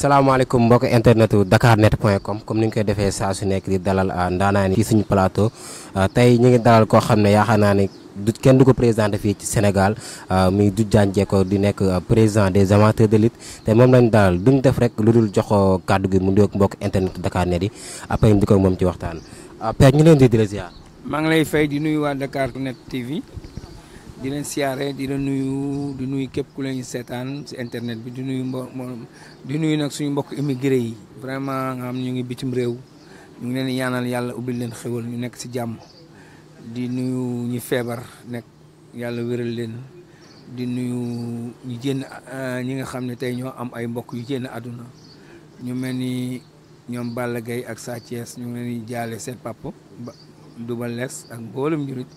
salaamaaleykum mbokk internet dakarnet point com comme ni ñu koy defee saa su nekk di dalal ah, ndaanaan ci suñu plateau ah, tey ñu ngi dalal koo xam ne yaakaar naa ne du kenn du ko présenté fii ci Sénégal ah, muy Doudou Diagne di nekk président des amateurs de lutte te moom lañ dalal duñ def rek lu dul jox kàddu gi mu nuyoog mbokk internet dakarnet yi après di ko moom ci waxtaan. Père ñu leen di di la ziar. lay fay di nuyu waa Dakarnet TV. di leen siyaare di leen nuyu di nuyu képp ku leen seetaan si internet bi di nuyu mbo di nuyu nag suñu mbokk immigré yi vraiment nga am ñu ngi bitim réew ñu ngi leen di ñaanal yàlla ubbil leen xéwal ñu nekk si jàmm di nuyu ñu feebar nekk yàlla wéral leen di nuyu ñu génn euh, ñi nga xam ne tey ñoo am ay mbokk yu génn àdduna ñu mel ni ñoom Balla Gaye ak Sa Thiès ñu ngi leen jaale seen papa Double Less ak mboolem jurit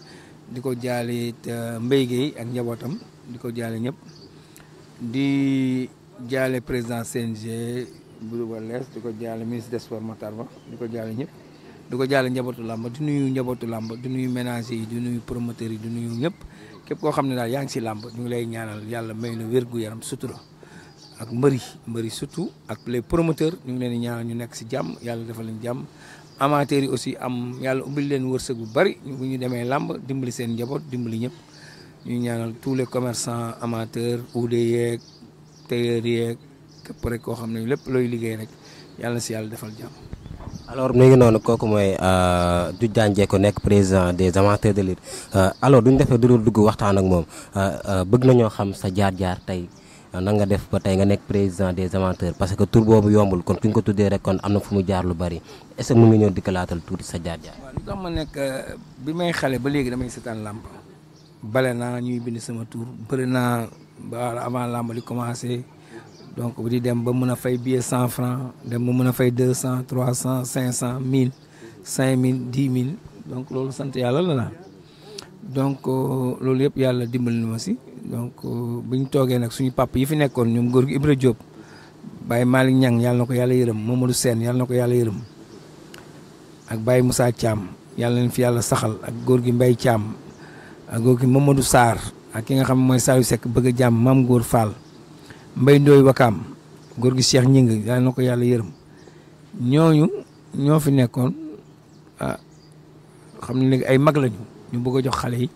di ko jaale it euh, Mbaye Guèye ak njabootam di ko jaale ñëpp di jaale président CNG Doudou Wales di ko jaale ministre des sports Matar Ba di ko jaale ñëpp di ko jaale njabootu làmb di nuyu njabootu làmb di nuyu ménager yi di nuyu promoteurs yi di nuyu ñëpp képp koo xam ne daal yaa ngi si làmb ñu ngi lay ñaanal yàlla may na wér gu yaram sutura ak mbëri mbëri surtout ak les promoteurs ñu ngi leen di ñaanal ñu nekk si jàmm yàlla defal leen jàmm amateur yi aussi am yàlla ubbil leen wërsëg bu bari bu ñu demee làmb dimbali seen njaboot dimbali ñëpp ñu ñaanal tout les commerçants amateurs uude yeeg koo xam ne lépp looy liggéey rek yàlla si yàlla defal jàmm. alors mu noonu kooku mooy du jànjee ko nekk président des amateurs de lutte euh, alors duñ defee du dugg waxtaan ak moom euh, euh, bëgg nañoo xam sa jaar-jaar tey. Ah, nan nga def ba tey nga nekk président des amateurs parce que tur boobu yombul kon ki nga ko tuddee rek kon am na fu mu jaar lu bari est ce que mën nga ñëw dikkalaatal tuuti sa jaar jaar. waaw li ma nekk bi may xale ba léegi damay seetaan làmb bale naa ñuy bind sama tour bëri naa ba avant làmb li commencé donc bu di dem ba mun a fay billet cent franc dem ba mun a fay deux cent trois cent cinq cent mille cinq mille dix mille donc loolu sant yàlla la naa donc euh, loolu yëpp yàlla dimbali na ma si. donc euh, bu ñu toogee nag suñu pàpp yi fi nekkoon ñoom góor gi Ibra Diop Baye Malick Niang yàlla na ko yàlla yërëm Mamadou seen yàlla na ko yàlla yërëm ak Baye Moussa Thiam yàlla leen fi yàlla saxal ak góor gi Mbaye Thiam ak góor gi Mamadou Sarr ak ki nga xam mooy Saliou Seck bëgg a jàmm maam góor Fall Mbaye Ndoye Wakaam góor gi Cheikh Ñing yàlla na ko yàlla yërëm ñooñu ñoo fi nekkoon ah xam ne léegi ay mag lañu ñu bëgg a jox xale yi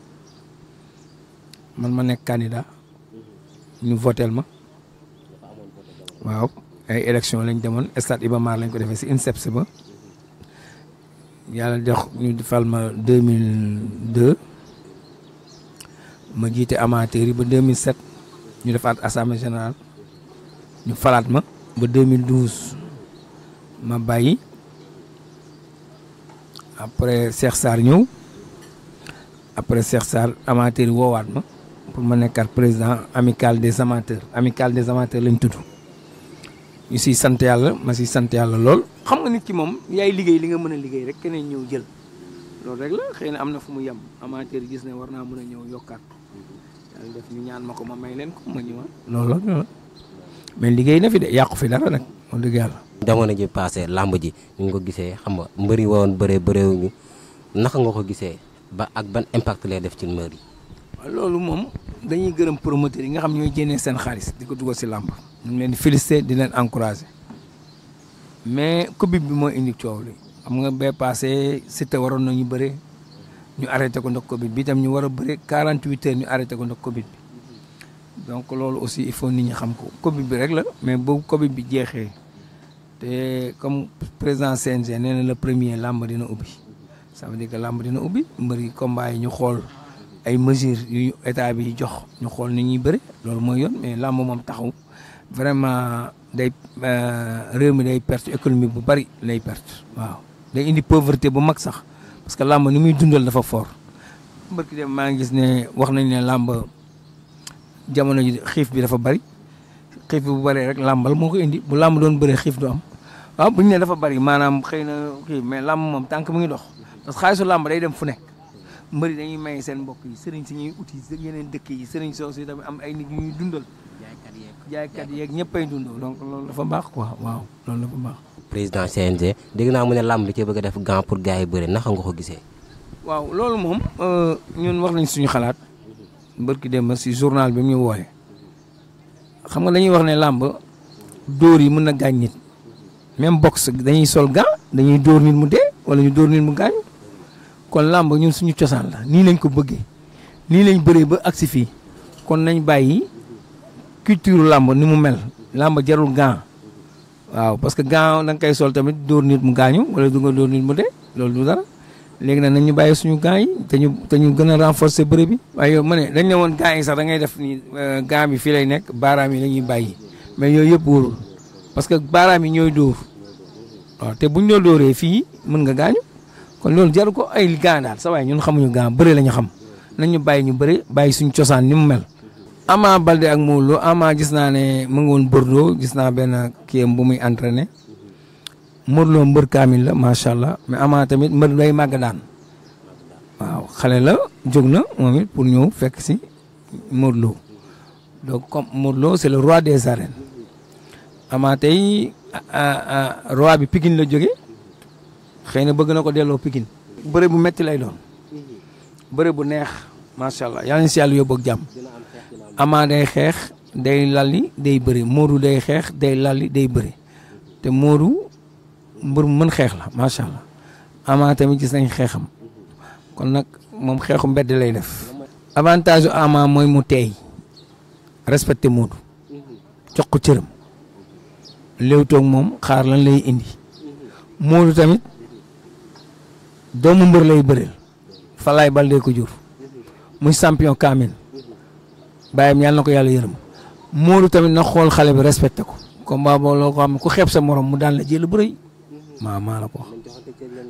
man ma nekk candidat ñu voteel ma waaw ay élection lañ demoon stade Iba Mar lañ ko defee si INSEPS ba yàlla jox ñu fal ma 2002 ma jiite amateur yi ba 2007 ñu defaat assemblée générale ñu falaat ma ba 2012 ma bàyyi après Cheikh Sarr ñëw après Cheikh Sarr amateur yi woowaat ma. pour ma nekkaat président amical des amateurs amical des amateurs lañ tudd yu si sant yàlla ma siy sant yàlla lool. xam nga nit ki moom yaay liggéey li nga mën a liggéey rek keneen ñëw jël loolu rek la xëy na am na fu mu yem amateur gis ne war naa mën a ñëw yokkaat yàlla def ma ko ma may leen ko ma ñëwaat loolu la mais liggéey na fi de yàqu fi dara nag wax dëgg yàlla. jamono ji passé làmb ji ñu ngi ko gisee xam nga mbëri woon bëree bëreewuñu naka nga ko gisee ba ak ban impact lay def ci mbër yi. dañuy gërëm promoteur yi nga xam ñooy génnee seen xaalis di ko dugal si làmb ñu ngi leen di di leen encourager mais Covid bi mooy indi coow li nga bee passé Siteu waroon nañu bëre ñu arrêté ko ndax Covid bi itam ñu war a bëre 48 ñu arrêté ko ndax Covid bi donc loolu aussi il faut nit ñi xam ko Covid bi rek la mais boobu Covid bi jeexee te comme président CNG nee na le premier làmb dina ubbi ça veut làmb dina ubbi mbër yi combat yi ñu xool. ay mesures yu état bi jox ñu xool ni ñuy bëri loolu mooy yoon mais làmb moom taxaw vraiment day euh, réew mi day perte économique bu bëri lay perte waaw day indi pauvreté bu mag sax parce que làmb ni muy dundal dafa fort mbërki dem maa ngi gis ne wax nañ ne làmb jamono ji xiif bi dafa bëri xiif bu bëree rek làmbal moo ko indi bu làmb doon bëree xiif du am waaw bu ñu ne dafa bari maanaam xëy na kii mais lamb moom tànk mu ngi dox parce que xaalisu làmb day dem fu nekk mbëri dañuy may seen mbokk yi sëriñ si ñuy uti yeneen dëkk yi sëriñ soosu tamit am ay nit ñuy dundal. jaaykat yeeg jaaykat yeeg ñëppay dundal dafa baax quoi waaw loolu dafa baax. président CNG dégg naa mu ne làmb bi ci bëgg a def gant pour gars yi bëri naka nga ko gisee. waaw loolu moom euh, ñun wax nañ suñu xalaat mbër ki dem si journal bi mu ñu wooye xam nga dañuy wax ne làmb dóor yi mun na gaañ nit même box dañuy sol gant dañuy dóor nit mu dee wala ñu dóor nit mu gaañ. kon làmb ñun suñu cosaan la nii lañ ko bëggee nii lañ bëree ba agsi fii kon nañ bàyyi culture làmb ni mu mel làmb jarul gant waaw parce que gant da koy sol tamit dóor nit mu gaañu wala du nga dóor nit mu dee loolu du dara léegi nag nañu bàyyi suñu gants yi te ñu te gën a renforcer bëre bi. waaye ma ne dañ ne woon gants yi sax da ngay def ni euh, gant bi fii lay nekk baaraam yi la ñuy bàyyi mais yooyu yëpp wóorul parce que baaraam yi ñooy dóor waaw te buñ la dóoree fii mën nga gaañu. kon loolu jar ko ay gaan daal sa waay ñun xamuñu gaan bëri la ñu xam ñu bàyyi ñu bëri bàyyi suñu cosaan ni mu mel. Ama Balde ak Modou Lo Ama gis naa ne mu ngi woon Bordeaux gis naa benn kii bu muy entraîné Modou Lo mbër kaamil la macha allah mais Ama tamit mbër day màgg daan waaw xale la jóg na pour ñëw fekk si Modou Lo donc comme Modou Lo c'est le roi des arènes Ama tey roi bi Pikine la jóge xëy na bëgg na ko delloo Pikine. bëre bu metti lay doon. bëre bu neex macha allah yal na si yàlla yóbbu jàmm. Ama day xeex day lalli day bëre Modou day xeex day lalli day bëre te Modou mbër man xeex la macha allah Ama tamit gis nañ xeexam kon nag moom xeexu mbedd lay def. avantage su mooy mu teey respecté moodu jox ko cëram léewtoog moom xaar lan lay indi Modou tamit. doomu mbër lay bëreel Falaay Baldé ko jur muy champion Kaamil bàyyam yàlla na ko yàlla yërëm Modou tamit na xool xale bi respecté ko combat boobu loo ko xam ne ku xeeb sa morom mu daan la jël bu rëy maa maa la ko wax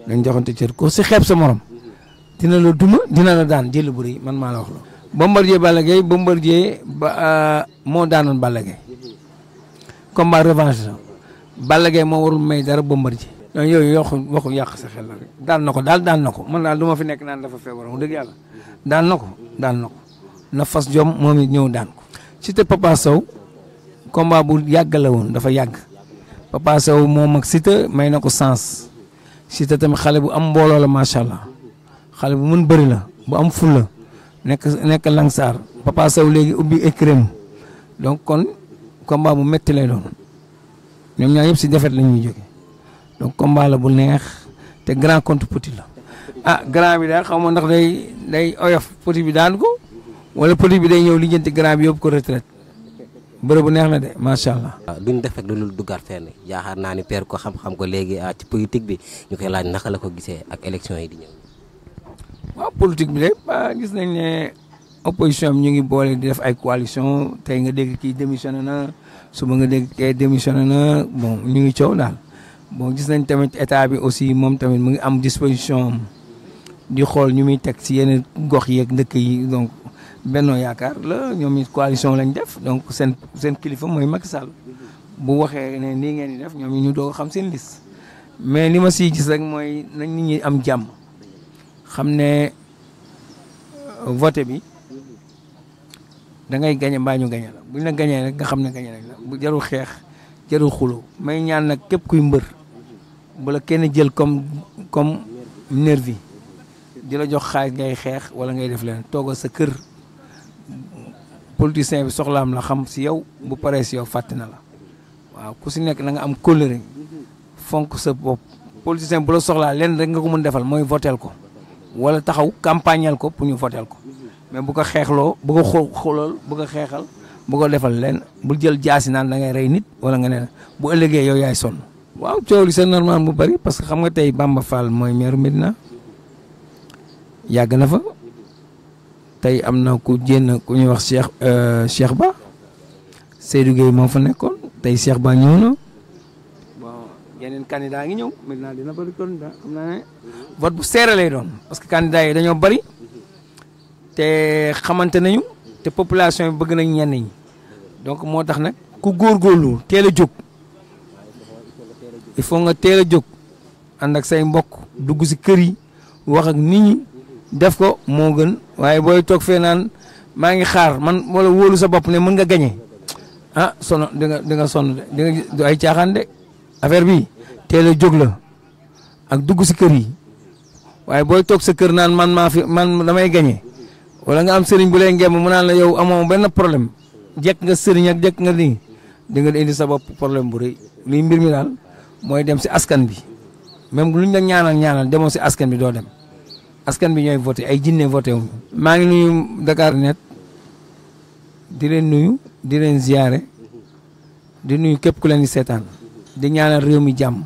dañ joxante cër ko si xeeb sa morom dina la duma dina la daan jël bu rëy man maa la wax loolu. Bombardier Balla Gaye Bombardier ba euh, moo daanoon Balla Gaye combat revanche la Balla Gaye moo warul may dara Bombardier donc yooyu yokku waxu yàq sa xel la rek daan na ko daal daan na ko man daal du ma fi nekk naan dafa feebar mu dëgg yàlla daan na ko daan na na fas jom moom it ñëw daan ko Siteu Papa Sow combat bu yàgg la woon dafa yàgg Papa Sow moom ak Siteu may na ko sens Siteu tamit xale bu am mbooloo la macha allah xale bu mun bëri la bu am ful nekk nekk Langsar Papa Sow léegi ubbi écrém donc kon combat bu métti lay doon ñoom ñaar yëpp si defet la ñuy jóge donc combat la bu neex te grand contre petit la ah grand bi daal xaw ma ndax day day oyof petit bi daan ko wala petit bi day ñëw lijjanti grand bi yóbbu ko retraite bërëb bu neex na de macha allah. waaw ah, duñ def rek lu du duggaat fenn yaakaar naa ni père ko xam-xam ko léegi ah, ci politique bi ñu koy laaj naka la ko gisee ak élection yi di ñëw. waaw politique bi de ah, gis nañ ne opposition bi ñu ngi boole di def ay coalition tey nga dégg kii démissionné na suba nga dégg démissionné na bon ñu ngi coow daal. bon gis nañ tamit état bi aussi moom tamit mu ngi am disposition di xool ñu muy teg si yenn gox yeeg ndëkk yi donc Benno Yaakaar la ñoom it coalition lañ def donc seen seen kilifa mooy mag Sall bu waxee ne nii ngeen di def ñoom ñu doog xam seen liste mais li ma si gis rek mooy nañ nit ñi am jàmm xam ne euh, vote bi da ngay gañe mbaa ñu gañe la bu ñu la gañee rek nga xam ne gañe nañ la bu jarul xeex jarul xuloo may ñaan nag képp kuy mbër bu la kenn jël comme comme nervi di la jox xaalis ngay xeex wala ngay def leen toogal sa kër politicien bi soxlaam la xam si yow bu paree si yow fàtte na la waaw ku si nekk na nga am kóllëre fonk sa bopp politicien bu la soxlaa leen rek nga ko mun defal mooy voteel ko wala taxaw campagneel ko pour ñu voteel ko mais bu ko xeexloo bu ko xoolool bu ko xeexal bu ko defal leen bul jël jaasi naan da ngay rey nit wala nga ne bu ëllëgee yow yaay sonn waaw coow li c'est normal mu bari parce que xam nga tey Bamba Fall mooy meeru Medina yàgg na fa tey am na ku jénn ku ñuy wax Cheikh euh, Cheikh Ba Seydou Gueye moo fa nekkoon tey Cheikh Ba ñëw na bon yeneen candidat ngi ñëw Medina dina bëri candidat xam mm-hmm. vote bu seere doon parce que candidat yi dañoo bëri mm-hmm. te xamante nañu te population yi bëgg nañ ñenn ñi donc moo tax nag ku góorgóorlu teel a jóg. il faut nga teel a jóg ànd ak say mbokk dugg si kër yi wax ak nit def ko moo gën waaye booy toog fee naan maa ngi xaar man wala wóolu sa bopp ne mën nga gañe a ah sono di nga di nga de ay caaxaan de affaire bi teel a jóg la ak dugg si kër yi waaye booy toog sa kër naan man maa fi man damay gañe wala nga am sëriñ bu lay ngemb mu naan la yow amoo benn problème jek nga sëriñ ak jekk nga nii di indi sa bopp problème bu rëy lii mbir mi daal. mooy dem si askan bi même luñ la ñaanal ñaanal demoo si askan bi doo dem askan bi ñooy voté ay jinne voté wuñu maa ngi nuyu Dakar Net di leen nuyu di leen ziyaare di nuyu képp ku leen di seetaan di ñaanal réew mi jàmm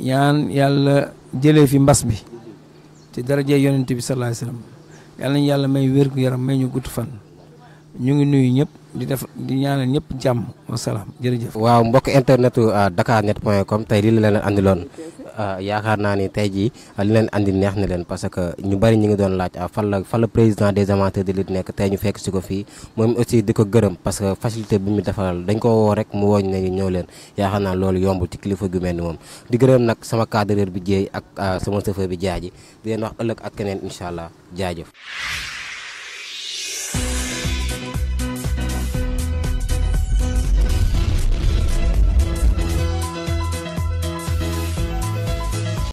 ñaan yàlla jëlee fi mbas bi ci darajee yonent bi sallallahu alayhi wasallam yàlla nañu yàlla may wér yaram may ñu gudd fan ñu ngi nuyu ñëpp di def di ñaanal ñëpp jàmm wasalaam jërëjëf. waaw mbokk internetu ah, dakar net point comme tey lii la leen andiloon ah, yaakaar naa ni tey jii ah, li leen andi neex na leen parce que ñu bari ñu ngi doon laaj fan la fan la président des amateurs de lutte nekk tey ñu fekk si ko fii moom aussi di ko gërëm parce que facilité bi mu defaral dañ ko woo rek mu wooñ nañu ñëw leen yaakaar naa loolu yombu ci kilifa gu mel ni moom di gërëm nag sama cadreur bi jéey ak sama chauffeur bi jaaji di leen wax ëllëg ak keneen allah jaajëf